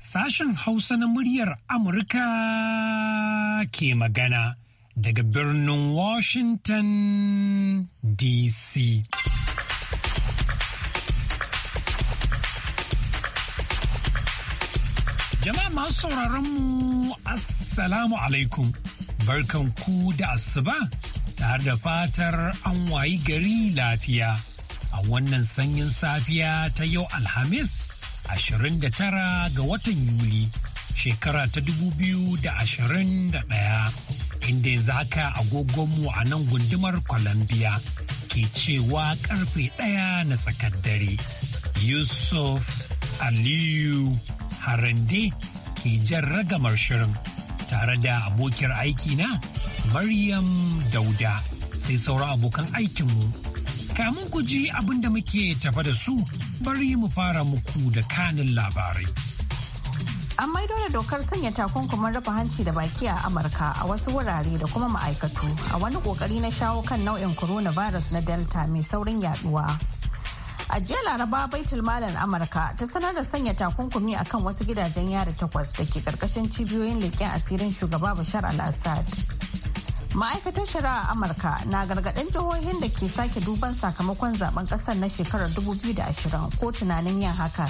Sashen Hausa na muryar Amurka ke magana daga birnin Washington DC. Jama'a masu sauraron mu Assalamu alaikum. barkan ku da asuba tare da fatar an wayi gari lafiya a wannan sanyin safiya ta yau alhamis 29 ga watan yuli shekara ta 2021 inda yanzu haka agogonmu a nan gundumar kwalambiya, ke cewa karfe ɗaya na tsakar dare yusuf aliyu harande ke jan ragamar shirin tare da abokiyar aiki na Maryam Dauda sai sauran abokan aikinmu. Kamun ku ji abin da muke tafa da su bari mu fara muku da kanin labarai. An maido da dokar sanya takunkumin rufe hanci da baki a Amurka a wasu wurare da kuma ma'aikatu a wani kokari na shawo kan nau'in coronavirus na Delta mai saurin yaduwa. a jiya laraba baitul malam amurka ta sanar da sanya takunkumi akan wasu gidajen yari takwas da ke karkashin cibiyoyin leƙen asirin shugaba bashar al-assad ma'aikatar shari'a amurka na gargaɗin jihohin da ke sake duban sakamakon zaben ƙasar na shekarar dubu biyu da ashirin ko tunanin yin haka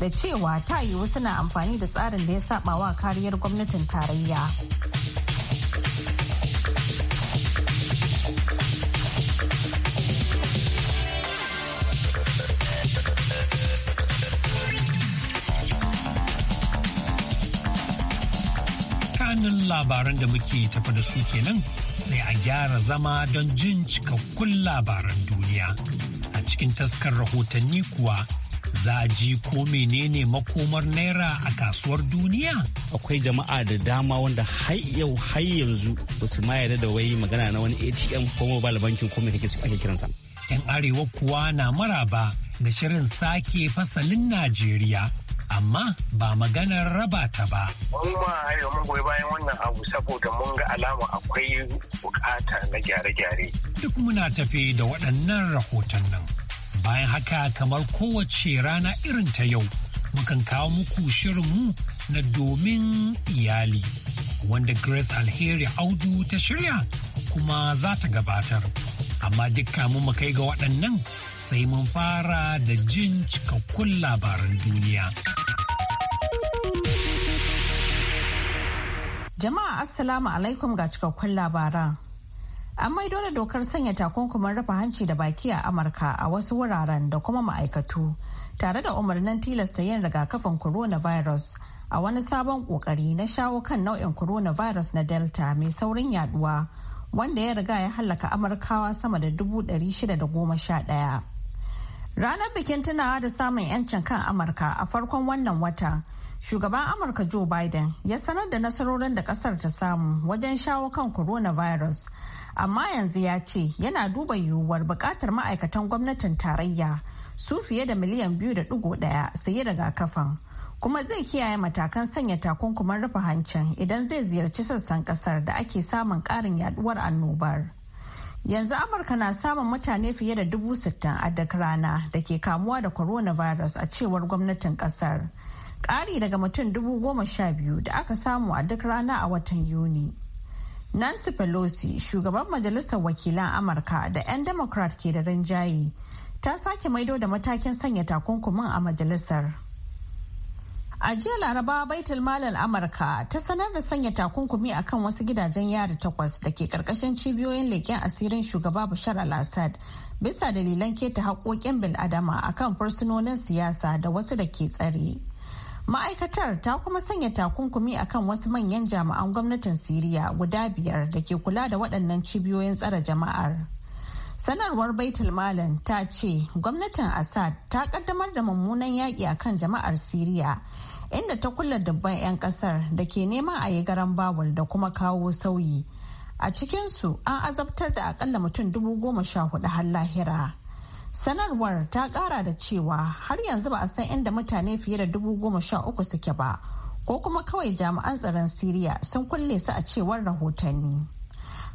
da cewa ta yiwu suna amfani da tsarin da ya saba wa kariyar gwamnatin tarayya waɗannan labaran da muke tafa da su kenan sai a gyara zama don jin cikakkun labaran duniya. A cikin taskar rahotanni kuwa za a ji ko menene makomar naira a kasuwar duniya akwai jama'a da dama wanda har yau har yanzu ba su ma yarda da wai magana na wani atm ko mobile banking ko kake su ake kiransa yan arewa kuwa na maraba da shirin sake fasalin najeriya amma ba maganar raba ta ba. Mun ma yau mun goyi bayan wannan abu saboda mun ga alama akwai bukata na gyare-gyare. Duk muna tafi da waɗannan rahoton nan. Bayan haka kamar kowace rana irin ta yau, mukan kawo muku shirinmu na domin iyali, wanda Grace Alheri Audu ta shirya kuma za ta gabatar. Amma duk kamun mu kai ga waɗannan sai mun fara da jin cikakkun labaran duniya. Jama'a Assalamu alaikum ga cikakkun labaran. An maido da dokar sanya takunkumin rufe hanci da baki a Amurka a wasu wuraren da kuma ma'aikatu tare da umarnin tilasta yin rigakafin coronavirus a wani sabon kokari na shawo kan nau'in coronavirus na Delta mai saurin yaduwa wanda ya riga ya hallaka amurkawa sama da dubu shida da goma sha ɗaya. ranar bikin tunawa da samun 'yancin kan amurka a farkon wannan wata shugaban amurka joe biden ya sanar da nasarorin da kasar ta samu wajen shawo kan coronavirus amma yanzu ya ce yana duba yiwuwar bukatar ma'aikatan gwamnatin tarayya su fiye da miliyan biyu da ɗigo ɗaya su yi kuma zai kiyaye matakan sanya takunkuman rufe hancin idan zai ziyarci sassan kasar da ake samun karin yaduwar annobar yanzu amurka na samun mutane fiye da dubu sittin a duk rana da ke kamuwa da coronavirus a cewar gwamnatin kasar ƙari daga mutum dubu goma sha biyu da aka samu a duk rana a watan yuni nancy pelosi shugaban majalisar wakilan amurka da 'yan democrat ke da rinjaye ta sake maido da matakin sanya takunkumin a majalisar A jiya Laraba baitul malal Amurka ta sanar da sanya takunkumi akan wasu gidajen yari takwas da ke karkashin cibiyoyin leƙen asirin shugaba Bashar al-Assad bisa dalilan keta haƙoƙin bil'adama akan fursunonin siyasa da wasu da ke tsare. Ma'aikatar ta kuma sanya takunkumi akan wasu manyan jami'an gwamnatin Siriya guda biyar da ke kula da waɗannan cibiyoyin tsare jama'ar. sanarwar baitul malam ta ce gwamnatin assad ta kaddamar da mummunan yaƙi a kan jama'ar siriya inda ta kulla dubban 'yan kasar da ke neman a yi garan babul da kuma kawo sauyi a cikinsu an azabtar da akalla mutum dubu goma sha hudu har lahira sanarwar ta kara da cewa har yanzu ba a san inda mutane fiye da dubu goma sha uku suke ba ko kuma kawai jami'an tsaron siriya sun kulle su a cewar rahotanni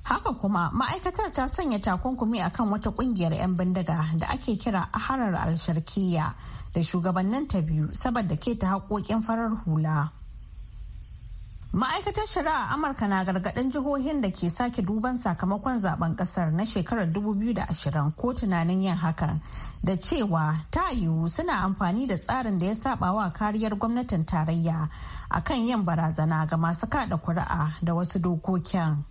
Haka kuma ma'aikatar ta sanya takunkumi akan wata kungiyar 'yan bindiga da ake kira harar alsharkiya da shugabannin ta biyu saboda keta haƙoƙin farar hula. Ma'aikatar shari'a Amurka na gargaɗin jihohin da ke sake duban sakamakon zaben ƙasar na shekarar 2020 ko tunanin yin hakan da cewa ta yiwu suna amfani da tsarin da ya saba wa kariyar gwamnatin tarayya akan yin barazana ga masu kada kuri'a da wasu dokokin.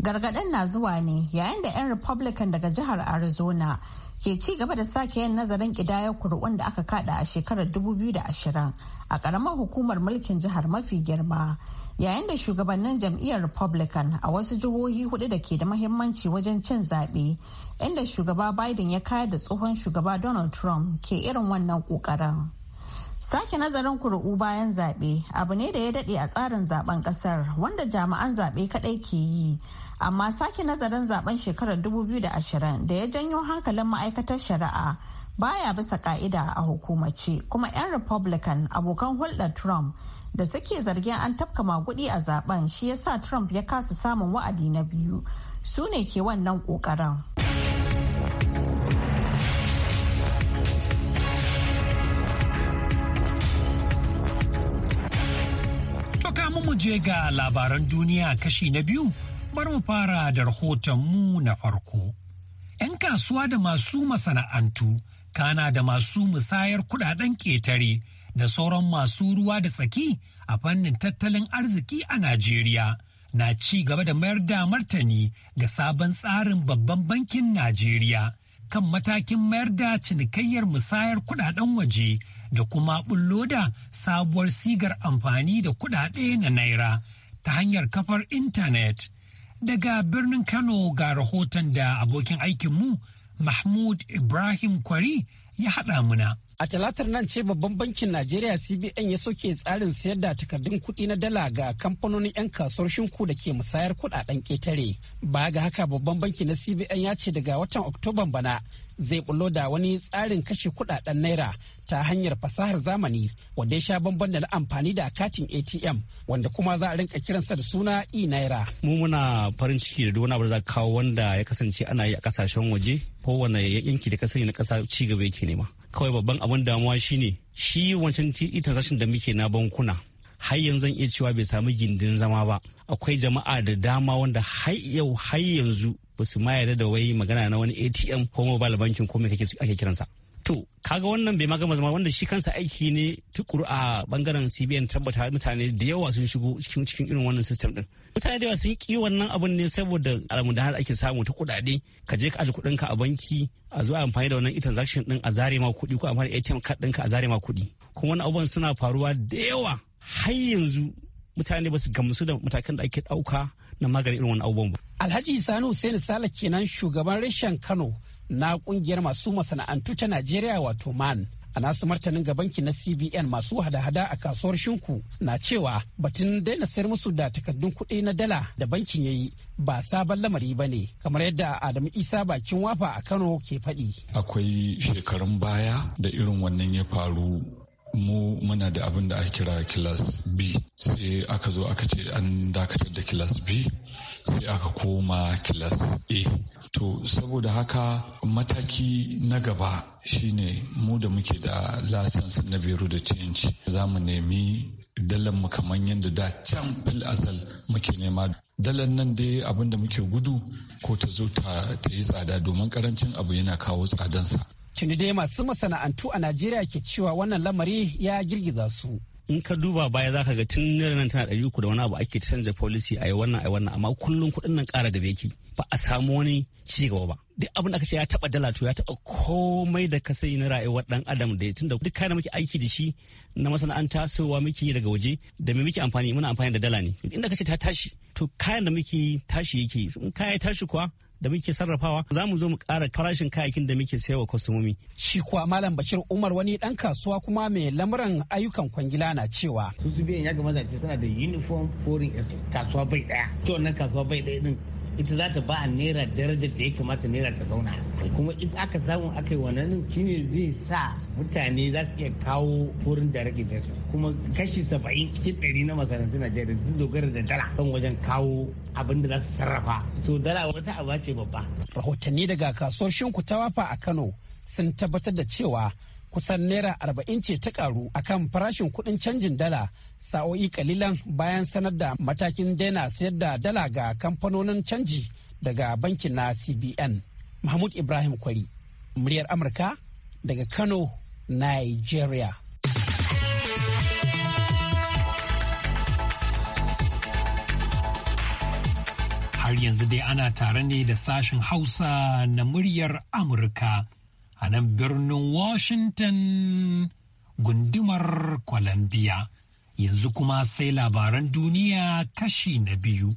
Gargaɗin na zuwa ne yayin da 'yan Republican daga jihar Arizona ke ci gaba da sake yin nazarin ƙidayar kuri'un da aka kada a shekarar 2020 a karamar hukumar mulkin jihar mafi girma yayin da shugabannin jam'iyyar republican a wasu jihohi hudu da ke da mahimmanci wajen cin zaɓe inda shugaba biden ya kaya da tsohon shugaba donald trump ke irin wannan ƙoƙarin sake nazarin kuri'u bayan zaɓe abu ne da ya daɗe a tsarin zaben ƙasar wanda jami'an zaɓe kaɗai ke yi amma sake nazarin zaben shekarar 2020 da ya janyo hankalin ma'aikatar shari'a baya bisa ka'ida a hukumace kuma 'yan republican abokan hulɗar trump da suke zargin an tafka magudi a zaben shi ya sa trump ya kasa samun wa'adi na biyu su ne ke wannan kokarin mu je ga labaran duniya kashi na biyu bar mu fara da mu na farko. 'Yan kasuwa da masu masana'antu, kana da masu musayar kudaden ƙetare da sauran masu ruwa da tsaki a fannin tattalin arziki a Najeriya na ci gaba da mayar da martani ga sabon tsarin babban bankin Najeriya kan matakin mayar da cinikayyar musayar kudaden waje da kuma bullo da sabuwar sigar amfani da kudade na naira ta hanyar kafar intanet. Daga birnin Kano ga rahoton da abokin aikinmu Mahmud Ibrahim Kwari ya haɗa muna. A talatar nan ce babban bankin Najeriya CBN ya soke tsarin sayar da takardun kuɗi na dala ga kamfanonin 'yan kasuwar shinku da ke musayar kuɗaɗen ƙetare. ba ga haka babban banki na CBN ya ce daga watan Oktoban bana zai bullo da wani tsarin kashe kuɗaɗen naira ta hanyar fasahar zamani wanda ya sha bamban da na amfani da katin ATM wanda kuma za a rinka sa da suna e-naira. Mu muna farin ciki da duk wani abu da za kawo wanda ya kasance ana yi a kasashen waje kowane yanki da sani na kasa ci gaba yake nema kawai babban abin damuwa shine shi wancan e transaction da muke na bankuna har yanzu zan iya cewa bai samu gindin zama ba akwai jama'a da dama wanda har yau har yanzu ba su ma yarda da wai magana na wani atm ko mobile banking ko me kake ake kiransa to kaga wannan bai magama zama wanda shi kansa aiki ne tukuru a bangaren cbn tabbata mutane da yawa sun shigo cikin cikin irin wannan system din mutane da yawa sun ki wannan abun ne saboda alamu almudahar ake samu ta kudade ka je ka aje kuɗin ka a banki a zo amfani da wannan transaction din a zare ma kuɗi ko amfani da ATM card ka a zare ma kuɗi kuma wani abubuwan suna faruwa da yawa har yanzu mutane ba su gamsu da matakan da ake ɗauka na maganin irin wani abubuwan ba. Alhaji Sani Hussein Sala kenan shugaban reshen Kano na kungiyar masu masana'antu ta Najeriya wato MAN. a nasu martanin ga banki na cbn masu hada-hada a kasuwar shinku na cewa batun daina sayar musu da takardun kuɗi na dala da bankin ya yi ba sabon lamari ba ne kamar yadda adamu isa bakin wafa a kano ke faɗi akwai shekarun baya da irin wannan ya faru mu muna da abin da aka kira kilas b sai aka zo aka ce an dakatar da kilas b sai aka koma class A. To saboda haka mataki na gaba shine mu da muke da lasans na biro da change za mu nemi dalan mu kamar yadda da can fil azal muke nema dalan nan dai abin da muke gudu ko ta zo ta yi tsada domin karancin abu yana kawo tsadansa. Tuni dai masu masana'antu a Najeriya ke cewa wannan lamari ya girgiza su. in ka duba baya za ka ga tun naira nan tana ɗari uku da wani abu ake canza policy a yi wannan a yi wannan amma kullum kuɗin nan ƙara gaba yake ba a samu wani ci gaba ba duk abin da aka ce ya taɓa dala to ya taɓa komai da ka sani na rayuwar ɗan adam da tunda duk kayan muke aiki da shi na masana'anta sowa muke daga waje da me muke amfani muna amfani da dala ne inda ka ce ta tashi to kayan da muke tashi yake in kaya tashi kuwa da muke sarrafawa za mu zo mu kara farashin kayayyakin da muke sayarwa kwasumomi. Shi kuwa Malam Bashir Umar wani ɗan kasuwa kuma mai lamuran ayyukan kwangila na cewa. Su su biyan ya ga mazaje suna da uniform foreign kasuwa bai ɗaya. Kyau wannan kasuwa bai ɗaya din ita za ta ba a naira darajar da ya kamata naira ta zauna kuma ita aka samu aka yi wannan shine zai sa mutane za su iya kawo wurin da rage investment kuma kashi saba'in cikin ɗari na masana'antu najeriya sun dogara da dala kan wajen kawo abin da za su sarrafa to dala wata aba ce babba rahotanni daga kasuwar shinkutawa fa a kano sun tabbatar da cewa kusan naira arba'in ce ta karu akan farashin kudin canjin dala sa'o'i kalilan bayan sanar da matakin daina sayar da dala ga kamfanonin canji daga bankin na cbn mahmud ibrahim kwari muryar amurka daga kano nigeria har yanzu dai ana tare ne da sashen hausa na muryar amurka a nan birnin Washington gundumar Columbia. Yanzu kuma sai labaran duniya kashi na biyu.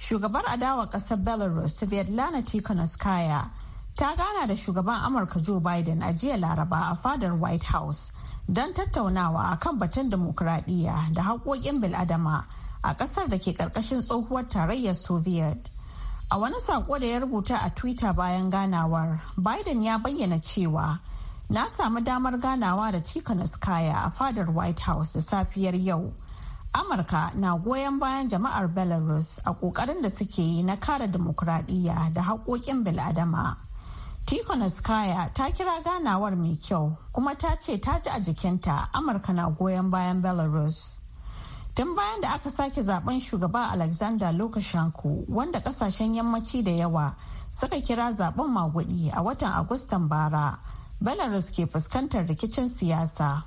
Shugabar adawa ƙasar Belarus, Svetlana Tikhanovskaya, ta gana da shugaban Amurka Joe Biden a jiya Laraba a fadar White House don tattaunawa a kan batun demokuraɗiyya da haƙoƙin bil'adama a ƙasar da ke ƙarƙashin tsohuwar tarayyar Soviet. A wani sako da ya rubuta a Twitter bayan ganawar, Biden ya bayyana cewa na samu damar ganawa da tikana Kaya a fadar White House da safiyar yau. Amurka na goyon bayan jama'ar Belarus a ƙoƙarin da suke yi na kare demokuraɗiyya da haƙoƙin bil'adama. skaya ta kira ganawar mai kyau kuma ta ce ta ji a jikinta Amurka na goyon bayan Belarus. tun bayan da aka sake zaben shugaba alexander lukashenko wanda kasashen yammaci da yawa suka kira zaben magudi a watan agustan bara belarus ke fuskantar rikicin siyasa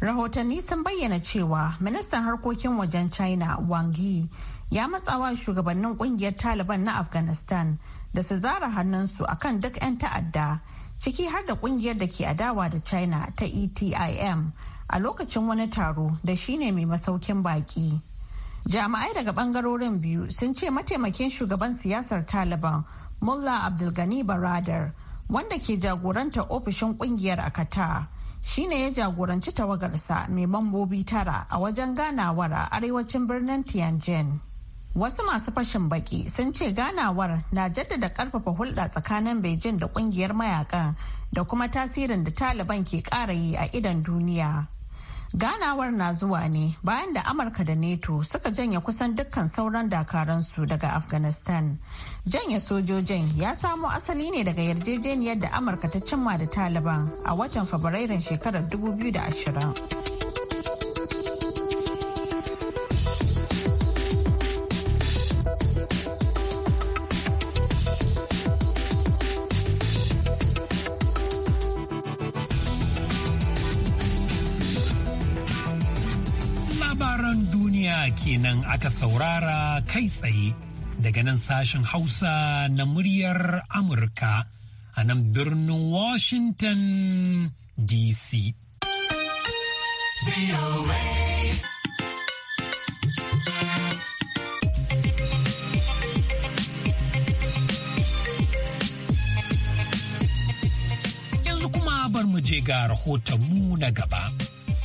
rahotanni sun bayyana cewa ministan harkokin wajen china wang yi ya matsawa shugabannin kungiyar taliban na afghanistan da su zara hannunsu akan duk 'yan ta'adda ciki har da kungiyar da ke adawa da china ta etim a lokacin wani taro da shi ne mai masaukin baki. Jami'ai daga bangarorin biyu sun ce mataimakin shugaban siyasar Taliban Mullah Abdulgani Baradar wanda ke jagoranta ofishin kungiyar a Qatar ne ya jagoranci tawagarsa mai mambobi tara a wajen ganawar a arewacin birnin Tianjin. Wasu masu fashin baki sun ce ganawar na jaddada karfafa hulɗa tsakanin Beijing da kungiyar mayakan da kuma tasirin da Taliban ke ƙara yi a idon duniya. ganawar na zuwa ne bayan da amurka da neto suka janye kusan dukkan sauran dakaransu daga afghanistan janye sojojin ya samo asali ne daga yarjejeniyar da amurka ta cimma da taliban a watan fabrairun shekarar 2020 kenan aka saurara kai tsaye daga nan sashen Hausa na muryar Amurka a nan birnin Washington DC. Yanzu kuma bar mu je ga rahotonmu na gaba.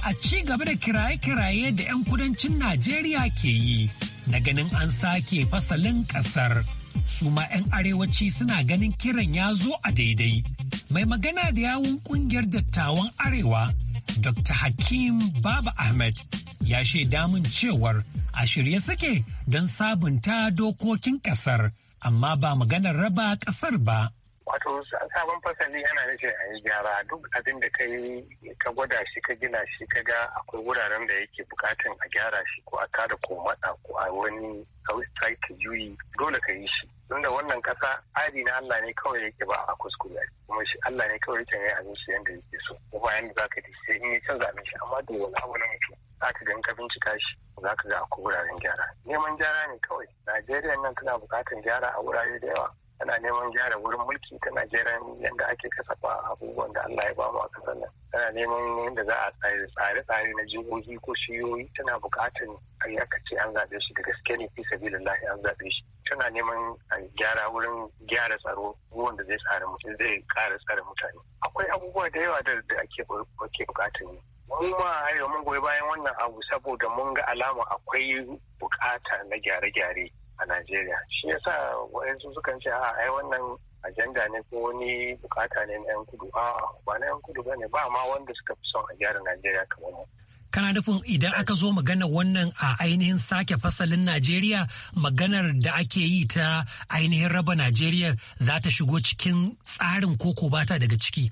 a ci gaba da kiraye-kiraye da 'yan kudancin Najeriya ke yi na ganin an sake fasalin ƙasar. suma 'yan arewaci suna ganin kiran ya zo a daidai. Mai magana da yawun kungiyar dattawan arewa, Dr. Hakim Baba Ahmed ya shaida damun cewar a shirye suke don sabunta dokokin ƙasar, amma ba maganar raba ƙasar ba. wato sabon fasali yana nufin a yi gyara duk abin da ka yi ka gwada shi ka gina shi ka ga akwai wuraren da yake bukatan a gyara shi ko a tada ko mada ko a wani site juyi dole ka yi shi tunda wannan kasa adi na Allah ne kawai yake ba a kuskure kuma shi Allah ne kawai yake yi abinci yadda yake so ko bayan da zaka ji sai in ya canza abin amma da wani abu na mutum zaka ga in ka bincika shi zaka ga akwai wuraren gyara neman gyara ne kawai Najeriya nan tana bukatan gyara a wurare da yawa tana neman gyara wurin mulki tana gyaran yadda ake kasafa abubuwan da Allah ya bamu a kasar nan tana neman yadda za a tsare tsare na jihohi ko shiyoyi tana buƙatar ayyakaci an zaɓe shi da gaske ne fi sabilillahi an zaɓe shi tana neman a gyara wurin gyara tsaro ruwan da zai tsare mutane zai ƙara tsare mutane akwai abubuwa da yawa da ake buƙatar yi mu ma arewa mun goyi bayan wannan abu saboda mun ga alama akwai bukata na gyare-gyare a Najeriya. Shi yasa waansu sukan ce a ai wannan ajanda ne ko wani bukata ne na 'yan kudu. A ba na 'yan kudu ba ne ba ma wanda suka fi son a gyara Najeriya kamar mu. kana nufin idan aka zo magana wannan a ainihin sake fasalin Najeriya maganar da ake yi ta ainihin raba Najeriya za ta shigo cikin tsarin koko bata daga ciki.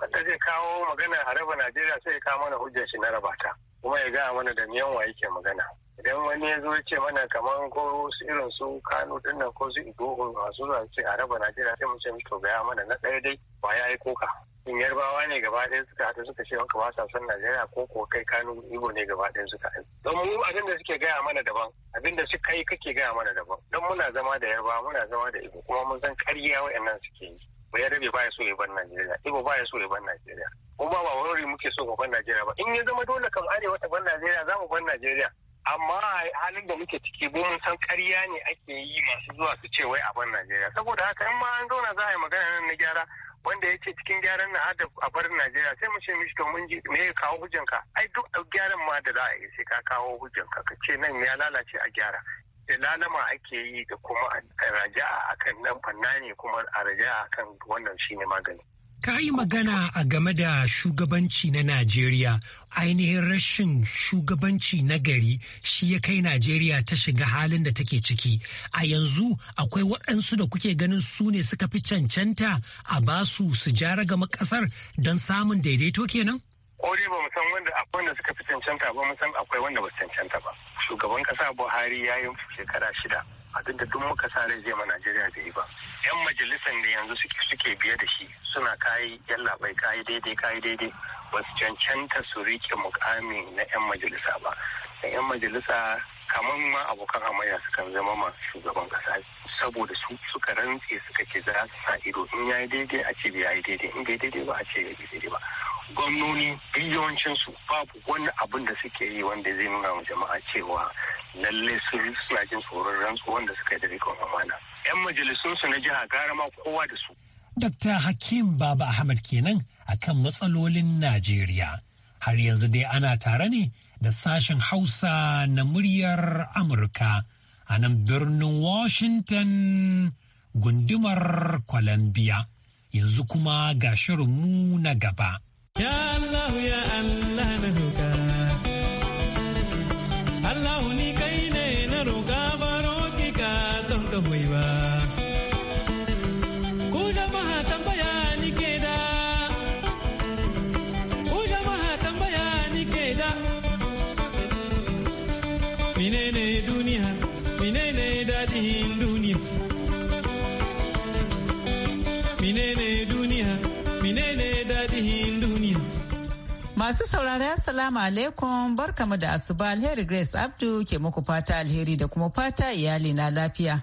Wanda zai kawo magana a raba Najeriya sai ya kawo mana hujjar shi na raba ta kuma ya gaya mana da miyan wa yake magana. idan wani ya zo ya ce mana kamar ko irin su kano din nan ko su ido masu zuwa ce a raba najeriya sai mu ce to gaya mana na ɗaya dai ba ya yi koka in yarbawa ne gaba ɗaya suka haɗu suka ce wanka ba sa son najeriya ko ko kai kano ibo ne gaba ɗaya suka haɗu don mu abin da suke gaya mana daban abin da suka yi kake gaya mana daban don muna zama da yarbawa muna zama da ibo kuma mun san ƙarya nan suke yi ba ya rabe baya so ya bar najeriya ibo baya so ya bar najeriya kuma ba wani muke so mu bar najeriya ba in ya zama dole kan arewa ta bar najeriya za mu bar najeriya amma halin da muke ciki mun san karya ne ake yi masu zuwa su ce wai abin najeriya saboda haka in ma an zauna za a yi magana nan na gyara wanda ya ce cikin gyaran na hada a barin najeriya sai mu ce mishi to mun ji me ya kawo hujjanka ai duk gyaran ma da za a yi sai ka kawo hujjanka ka ce nan ya lalace a gyara da lalama ake yi da kuma a raja'a akan nan fanna ne kuma a raja'a akan wannan shine magani Ka yi magana a game da shugabanci na Najeriya, ainihin rashin shugabanci na gari shi ya kai Najeriya ta shiga halin da take ciki. A yanzu akwai waɗansu da kuke ganin su ne suka fi cancanta a basu su jara ga ƙasar don samun daidaito kenan? Kori ba san wanda akwai wanda suka fi cancanta ba san akwai wanda ba su cancanta ba. Shugaban ƙasa Buhari ya yi shekara shida. abinda duk muka sa rai zai ma Najeriya da yi ba. 'Yan majalisan da yanzu suke biye da shi suna kayi yallaɓai kayi daidai kayi daidai ba su cancanta su rike mukamin na 'yan majalisa ba. Da 'yan majalisa kamar ma abokan hamayya suka zama ma shugaban kasa saboda su suka rantse suka ce za su sa ido in ya yi daidai a ce ya yi daidai in bai daidai ba a ce ya yi daidai ba gwamnoni yawancin su babu wani abin da suke yi wanda zai nuna ma jama'a cewa Lallai sun suna jin tsoron rantsuwan wanda suka yi da rikon amana yan majalisunsu na jiha gara ma kowa da su Dr. Hakim Baba Ahmad kenan akan matsalolin Najeriya. Har yanzu dai ana tare ne da sashen Hausa na muryar Amurka a nan birnin Washington gundumar Columbia. Yanzu kuma ga shirinmu na gaba. Ya Allah ya Allah na Allah ni kai ne na roƙa baro ki ka don ka hoyi ba. Ku jama'a tambaya ni ke da, ku jama'a tambaya ni ke da. Menene duniya, menene daɗin duniya. Masu saurari Assalamu alaikum barkamu da asuba alheri Grace Abdu ke muku fata alheri da kuma fata iyali na lafiya.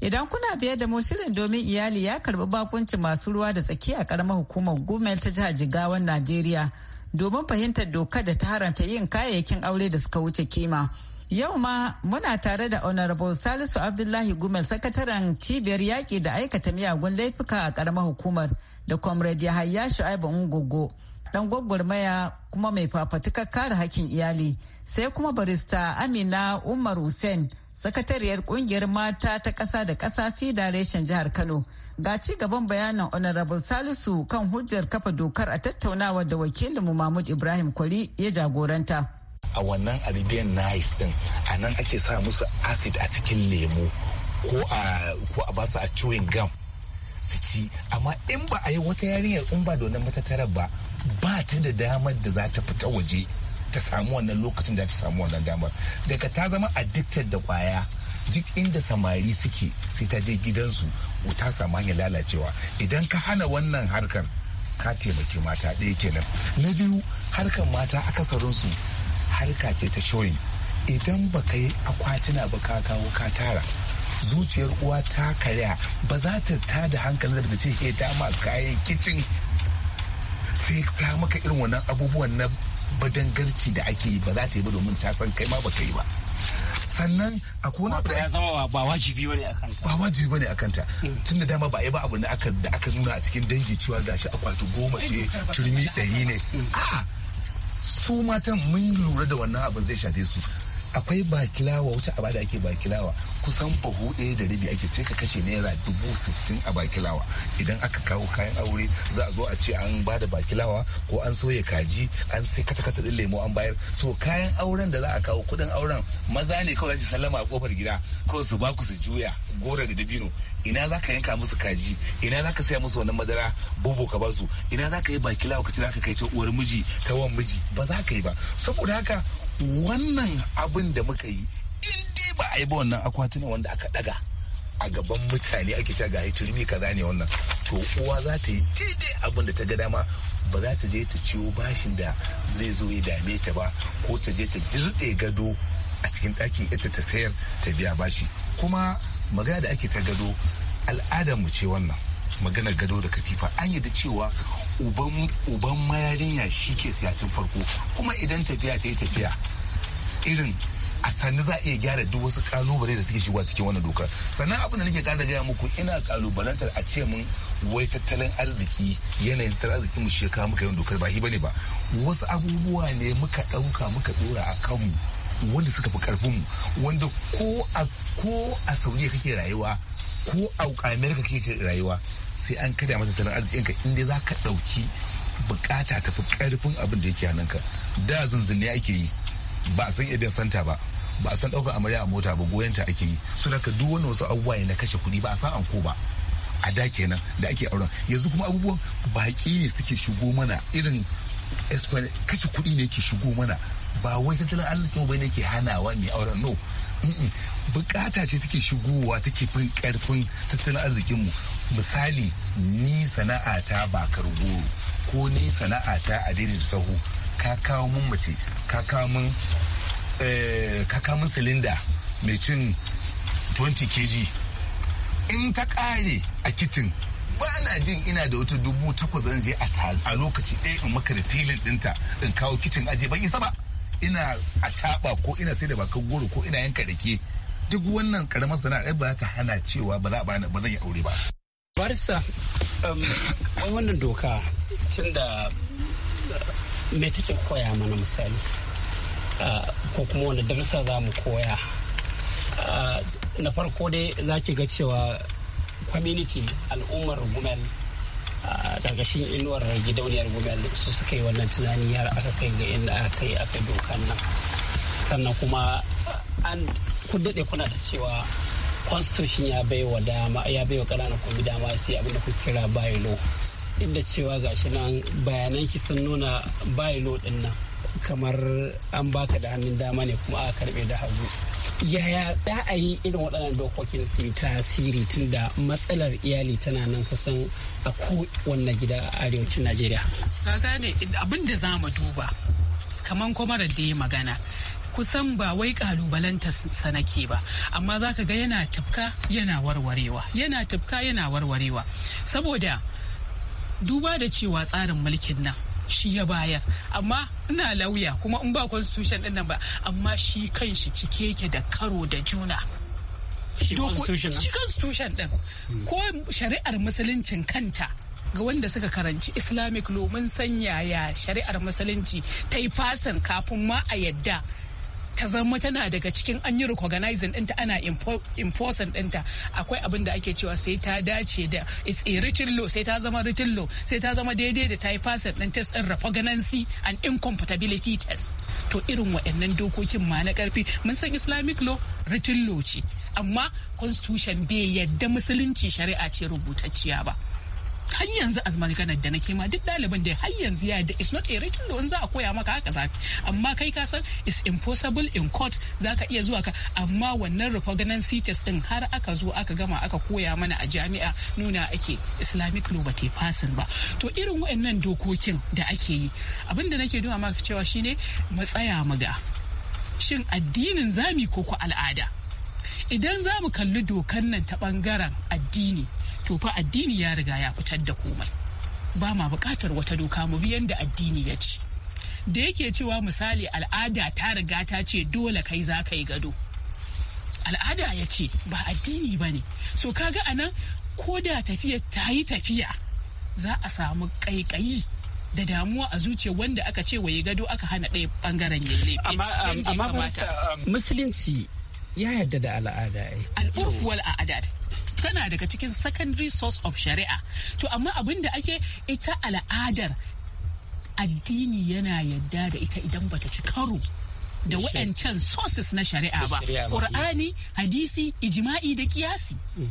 Idan kuna biyar da mu shirin domin iyali ya karbi bakuncin masu ruwa da tsaki a karamar hukumar Gumel ta jihar Jigawan Najeriya domin fahimtar doka da ta haramta yin kayayyakin aure da suka wuce kima. Yau ma muna tare da Honorable Salisu Abdullahi Gumel sakataren cibiyar yaƙi da aikata miyagun laifuka a karamar hukumar da Comrade Yahaya Shu'aibu Ngogo. dan gwagwarmaya kuma mai fafatukar kare hakkin iyali sai kuma barista amina umar hussein sakatariyar kungiyar mata ta kasa da ƙasa reshen jihar kano ga ci gaban bayanan honorable salisu kan hujjar kafa dokar a tattaunawa da wakilinmu mahmud ibrahim kwari ya jagoranta a wannan arabian nice din a nan ake sa musu acid a cikin lemu ko a ko a basu a chewing gum su ci amma in ba a yi wata yarinyar in ba donan matatarar ba ba ta da damar da za ta fita waje ta samu wannan lokacin da ta samu wannan damar daga ta zama addicted da kwaya duk inda samari suke sai ta je gidansu ta samu hanyar lalacewa idan ka hana wannan harkar ka taimaki mata ɗaya kenan na biyu harkar mata akasarinsu harka ce ta showing idan ba ka yi akwatuna ba ka kawo ka tara zuciyar uwa ta karya ba za ta da hankalin da ta ce eh, dama kayan kicin sai ta maka irin wannan abubuwan na badangarci da ake yi ba za ta yi ba domin ta san kai ma ba kai ba sannan a kona ba ya zama ba wajibi bane akan ta ba wajibi bane akan ta mm. tun da dama ba yi ba abu ne aka da aka nuna a cikin dangi cewa gashi akwati goma ce turmi ɗari ne mm. a su matan mun lura da wannan abin zai shafe su akwai bakilawa wuce a da ake bakilawa kusan bahu ɗaya da rabi ake sai ka kashe naira dubu sittin a bakilawa idan aka kawo kayan aure za a zo a ce an ba da bakilawa ko an soya kaji an sai kata-kata ɗin lemo an bayar to kayan auren da za a kawo kuɗin auren maza ne kawai su sallama a kofar gida ko su baku su juya gora da dabino ina za ka yanka musu kaji ina za ka saya musu wannan madara bobo ka basu ina za ka yi bakilawa ka ce za ka kai ta uwar miji ta wan miji ba za ka yi ba saboda haka wannan abin da muka yi in dai ba a yi ba wannan akwatuna wanda aka daga a gaban mutane ake cewa ga turmi kaza ne wannan to uwa za ta yi daidai abin da ta ga dama ba za ta je ta ciwo bashin da zai zo ya dame ta ba ko ta je ta jirɗe gado a cikin ɗakin ita ta sayar ta biya bashi kuma magana da ake ta gado al'adar mu ce wannan maganar gado da katifa an yi da cewa uban mayarinya shi ke siyacin farko kuma idan tafiya ta yi tafiya irin a sani za a iya gyara duk wasu kalubale da suke shigowa cikin wannan dokar sannan abin da nake kada gaya muku ina kalubalantar a ce mun wai tattalin arziki yanayin tattalin arziki mu shi kawo muka yin dokar ba bane ba wasu abubuwa ne muka ɗauka muka ɗora a kanmu wanda suka fi karfinmu wanda ko a ko saudiya kake rayuwa ko a amerika kake rayuwa sai an karya masa tattalin arzikinka inda za ka ɗauki bukata tafi karfin abin da yake hannunka da zanzanne ake yi ba a san idan santa ba ba a san ɗaukar amarya a mota ba goyonta ake yi su da duk wani wasu abubuwa na kashe kuɗi ba a san anko ba a da kenan da ake auren yanzu kuma abubuwan baki ne suke shigo mana irin kashe kuɗi ne ke shigo mana ba wai tattalin arzikin ba ne ke hanawa mai auren no bukata ce take shigowa take fin karfin tattalin arzikinmu misali ni sana'ata ba goro, ko ni sana'ata a daidai sahu ka kawo mun mace ka kawo mun eh, silinda mai cin 20 kg in ta kare a kitin ba na jin ina da wata dubu takwas zan je a lokaci ɗaya in maka da filin ɗinta in kawo kicin aje ban isa ba ina a taɓa ko ina sai da bakar goro ko ina yanka rake duk wannan karamar sana'a ba ta hana cewa ba za a bani ba zan yi aure ba Um, wani wannan doka tun da uh, me take koya mana misali uh, ko kuma wani darussa za mu koya uh, na farko dai za ki ga cewa community al'ummar gumel gargashin inuwar gidauniyar gumel su suka yi wannan tunani har aka kai ga inda aka yi aka dokan nan sannan kuma an daɗe kuna ta cewa constitution ya bai wa dama ya bai wa ƙananan komi dama sai abin da ku kira bayilo inda cewa gashi nan bayanan ki sun nuna bayilo din nan kamar an baka da hannun dama ne kuma aka karbe da hagu yaya za a yi irin waɗannan dokokin su tasiri tun da matsalar iyali tana nan kusan a kowanne gida a arewacin najeriya ka gane abin da za mu duba kamar kuma da ya magana kusan ba wai kalubalanta sanake ba amma za ka ga yana tafka yana warwarewa yana tafka yana warwarewa saboda duba da cewa tsarin mulkin nan shi ya bayar amma ina lauya kuma in ba constitution din nan ba amma shi kanshi cike yake da karo da juna shi constitution din hmm. ko shari'ar musuluncin kanta ga wanda suka karanci islamic law mun san yaya shari'ar musulunci ta yi fasin kafin ma a yadda ta zama tana daga cikin an yi recognizing ɗinta ana enforcing ɗinta akwai abin da ake cewa sai ta dace da it's a written law sai ta zama written law sai ta zama daidai da ta yi passing ɗin test ɗin recognizance and incompatibility test to irin waɗannan dokokin ma na ƙarfi mun san islamic law written law ce amma constitution bai yadda musulunci shari'a ce rubutacciya ba har yanzu a maganar da nake ma duk ɗaliban da har yanzu ya da it's not a written law za a koya maka haka za amma kai ka san it's impossible in court za ka iya zuwa ka amma wannan repugnancy test din har aka zo aka gama aka koya mana a jami'a nuna ake islamic law ba ta fasin ba to irin waɗannan dokokin da ake yi abin da nake nuna maka cewa shine mu tsaya mu ga shin addinin zami ko ko al'ada idan za mu kalli dokan nan ta bangaren addini to fa addini ya riga ya fitar da komai ba ma buƙatar wata doka mu bi yanda addini ya ce da yake cewa misali al'ada ta riga ta ce dole kai za ka yi gado al'ada ya ce ba addini ba ne so kaga ga anan ko da tafiya ta yi tafiya za a samu ƙaiƙayi da damuwa a zuciya wanda aka ce wa gado aka hana ɗaya ɓangaren yin laifi amma um, um, musulunci ya yarda da al'ada yi. Eh. wal al'ada tana daga cikin secondary source of shari'a to amma abin da ake ita al'adar addini yana yadda da ita idan bata ci karo da wa'ancan sources na shari'a ba ƙur'ani hadisi ijima'i da kiyasi mm.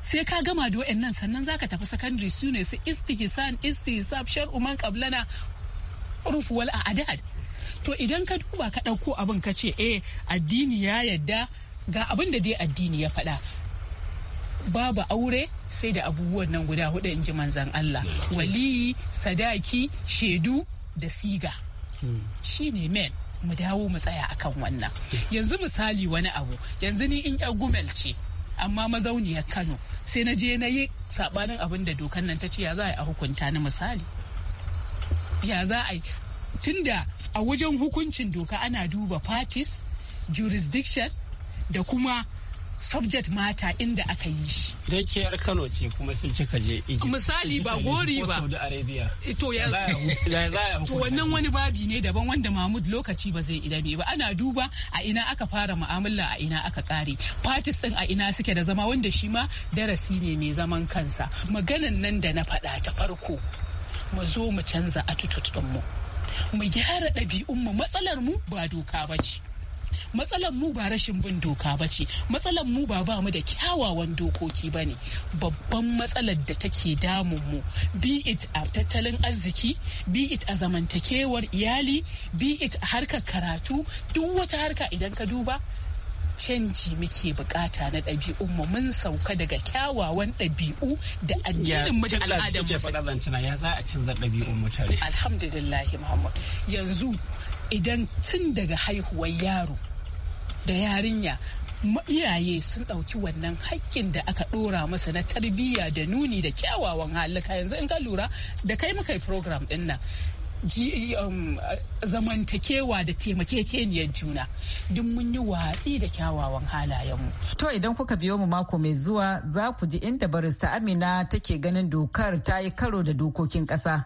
sai ka gama da nan sannan zaka tafi secondary su ne su istihsan istihisab shar'u man qablana urf wal a'dad to idan ka duba ka ɗauko abin ka ce eh addini ya yadda ga abin da dai addini ya faɗa babu aure sai da abubuwan nan guda hudu in ji manzan Allah waliyi sadaki shaidu da siga shi ne men mu dawo mu tsaya a kan wannan yanzu misali wani abu yanzu ni in yar gumel ce amma mazauniyar kano sai na je na yi sabanin abin da dokan nan ta ce ya za a a hukunta ni misali ya za a yi tunda a wajen hukuncin doka ana duba parties jurisdiction da kuma subject mata inda aka yi shi. Idan ke yar Kano ce kuma sun cika je Egypt. Misali ba gori ba. Saudi Arabia. Eh, to ya To wannan wani babi ne daban wanda Mahmud lokaci ba zai idame ba. Ana duba a ina aka fara mu'amala a ina aka kare. Parties din a ina suke da zama wanda shi ma darasi ne mai zaman kansa. Maganan nan da na faɗa ta farko. Mu zo mu canza attitude ɗinmu. mu gyara mu matsalar mu ba doka ba ce matsalar mu ba rashin bin doka ba ce matsalar mu ba ba mu da kyawawan dokoki ba ne babban matsalar da take damun mu be it a tattalin arziki be it a zamantakewar iyali be it a harkar karatu duk wata harka idan ka duba canji muke bukata na ɗabi'un mu mun sauka daga kyawawan ɗabi'u da addinin mu da al'adar mu ya za a canza ɗabi'un mutane alhamdulillah muhammad yanzu idan tun daga haihuwar yaro da yarinya iyaye sun ɗauki wannan haƙƙin da aka ɗora masa na tarbiyya da nuni da kyawawan halika yanzu in ka lura da kai muka yi program ɗin nan um, zamantakewa da taimakekeniyar juna duk mun yi watsi da kyawawan halayenmu. To idan kuka biyo mu mako mai zuwa za ku ji inda barista Amina take ganin dokar ta yi karo da dokokin ƙasa.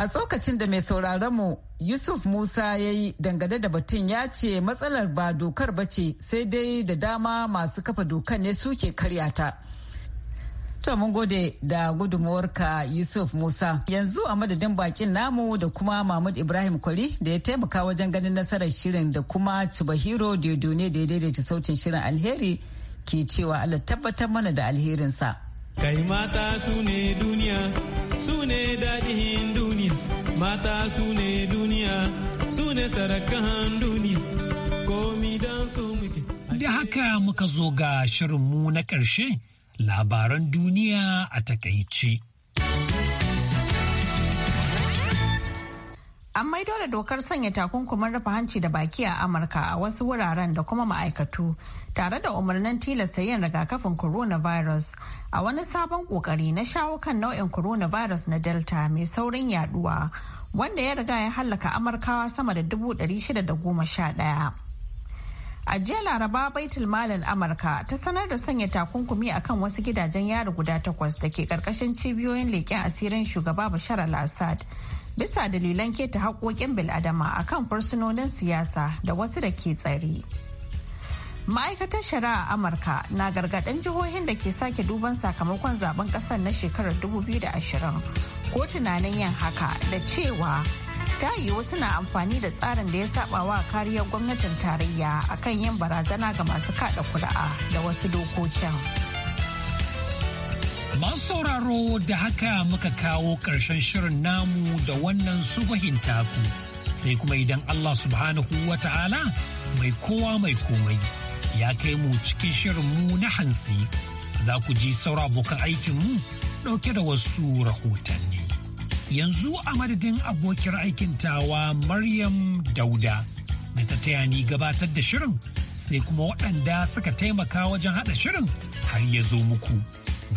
A tsokacin da mai sauraron mu Yusuf Musa ya yi dangane da batun ya ce matsalar ba dokar ba ce sai dai da dama masu kafa dokar ne suke karyata. To mun gode da gudunmuwarka Yusuf Musa. Yanzu a madadin bakin namu da kuma Mahmud Ibrahim Kwari da ya taimaka wajen ganin nasarar shirin da kuma Cibahiro Diodone da ya daidaita sautin shirin alheri ke cewa Allah tabbatar mana da alherinsa. Kai mata su ne duniya, su ne daɗin duniya. duniya mata su ne duniya su ne sarakan duniya komi don su muke da haka muka zo ga shirinmu na ƙarshe labaran duniya a takaice. An maido da dokar sanya takunkumin rufe hanci da baki a Amurka a wasu wuraren da kuma ma'aikatu tare da umarnin tilasta yin rigakafin coronavirus a wani sabon kokari na shawo kan nau'in coronavirus na Delta mai saurin yaduwa wanda ya riga ya hallaka Amurkawa sama da dubu shida da goma sha ɗaya. A jiya Laraba baitul malin Amurka ta sanar da sanya takunkumi akan wasu gidajen yari guda takwas da ke karkashin cibiyoyin leƙen asirin shugaba Bashar al-Assad bisa dalilan keta haƙoƙin bil'adama a kan fursunonin siyasa da wasu da ke tsare. ma'aikatar shari'a amurka na gargaɗin jihohin da ke sake duban sakamakon zaben ƙasar na shekarar 2020 ko tunanin yin haka da cewa ta yiwu suna amfani da tsarin da ya saba wa kariyar gwamnatin tarayya akan yin barazana ga masu kada kuri'a da wasu dokokin. Masu sauraro da haka muka kawo ƙarshen shirin namu da wannan subahin taku. Sai kuma idan Allah subhanahu wa ta'ala mai kowa mai komai ya kai mu cikin shirin mu na hantsi za ku ji saura abokan aikinmu ɗauke da wasu rahotanni. Yanzu a madadin abokin aikin tawa Maryam Dauda da ta taya ni gabatar da shirin sai kuma waɗanda suka taimaka wajen haɗa shirin har ya zo muku.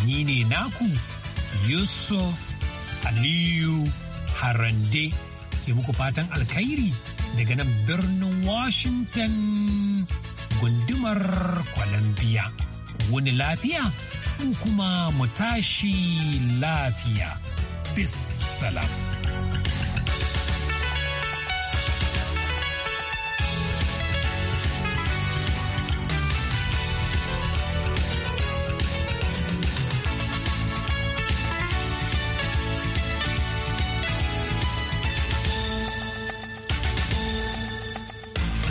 ni ne naku Yusuf Aliyu Harande ke muku fatan alkhairi daga nan birnin Washington gundumar Columbia. Wani lafiya ku kuma mu tashi lafiya. Bis salam.